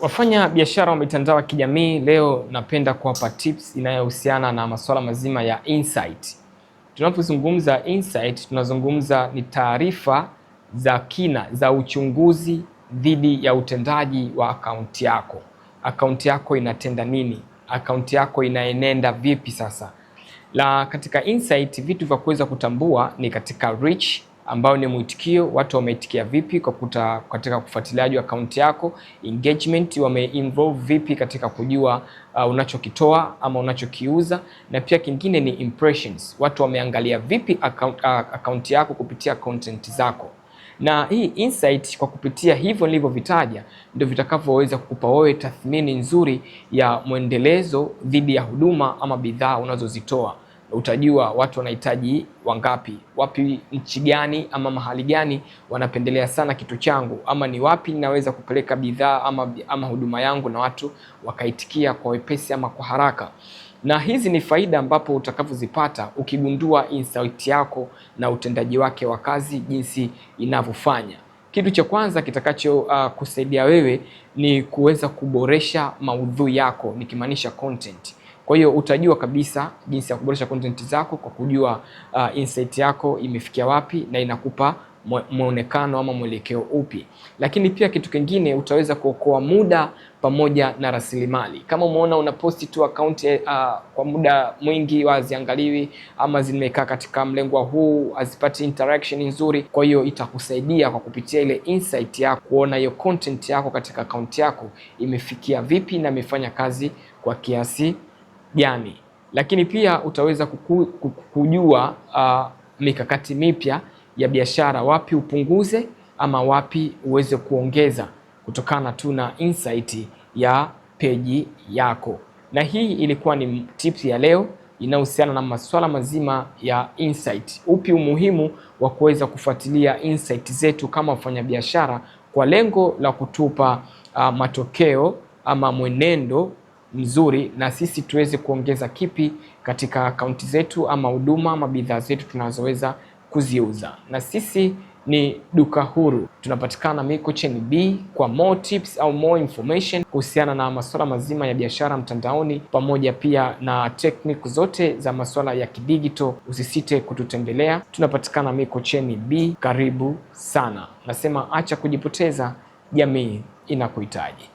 Wafanya biashara wa mitandao ya kijamii leo napenda kuwapa tips inayohusiana na masuala mazima ya insight. Tunapozungumza insight, tunazungumza ni taarifa za kina za uchunguzi dhidi ya utendaji wa akaunti yako. Akaunti yako inatenda nini? Akaunti yako inaenenda vipi sasa? La, katika insight vitu vya kuweza kutambua ni katika reach ambao ni mwitikio, watu wameitikia vipi kwa kuta, katika kufuatiliaji wa akaunti yako, engagement wameinvolve vipi katika kujua uh, unachokitoa ama unachokiuza, na pia kingine ni impressions, watu wameangalia vipi akaunti uh, akaunti yako kupitia content zako na hii insight kwa kupitia hivyo nilivyovitaja ndio vitakavyoweza kukupa wewe tathmini nzuri ya mwendelezo dhidi ya huduma ama bidhaa unazozitoa utajua watu wanahitaji wangapi, wapi, nchi gani ama mahali gani wanapendelea sana kitu changu, ama ni wapi ninaweza kupeleka bidhaa ama, ama huduma yangu na watu wakaitikia kwa wepesi ama kwa haraka. Na hizi ni faida ambapo utakavyozipata ukigundua insight yako na utendaji wake wa kazi jinsi inavyofanya. Kitu cha kwanza kitakacho uh, kusaidia wewe ni kuweza kuboresha maudhui yako, nikimaanisha content kwa hiyo utajua kabisa jinsi ya kuboresha content zako kwa kujua uh, insight yako imefikia wapi na inakupa mwonekano ama mwelekeo upi. Lakini pia kitu kingine utaweza kuokoa muda pamoja na rasilimali. Kama umeona una posti tu account uh, kwa muda mwingi haziangaliwi ama zimekaa katika mlengwa huu, hazipati interaction nzuri. Kwa hiyo itakusaidia kwa kupitia ile insight yako kuona hiyo content yako katika account yako imefikia vipi na imefanya kazi kwa kiasi gani, lakini pia utaweza kuku, kujua uh, mikakati mipya ya biashara, wapi upunguze ama wapi uweze kuongeza kutokana tu na insight ya peji yako. Na hii ilikuwa ni tips ya leo inayohusiana na masuala mazima ya insight. Upi umuhimu wa kuweza kufuatilia insight zetu kama wafanyabiashara kwa lengo la kutupa uh, matokeo ama mwenendo mzuri na sisi tuweze kuongeza kipi katika akaunti zetu ama huduma ama bidhaa zetu tunazoweza kuziuza. Na sisi ni duka huru, tunapatikana Mikocheni B. Kwa more tips au more information kuhusiana na masuala mazima ya biashara mtandaoni, pamoja pia na tekniku zote za masuala ya kidigito, usisite kututembelea. Tunapatikana Mikocheni B. Karibu sana. Nasema acha kujipoteza, jamii inakuhitaji.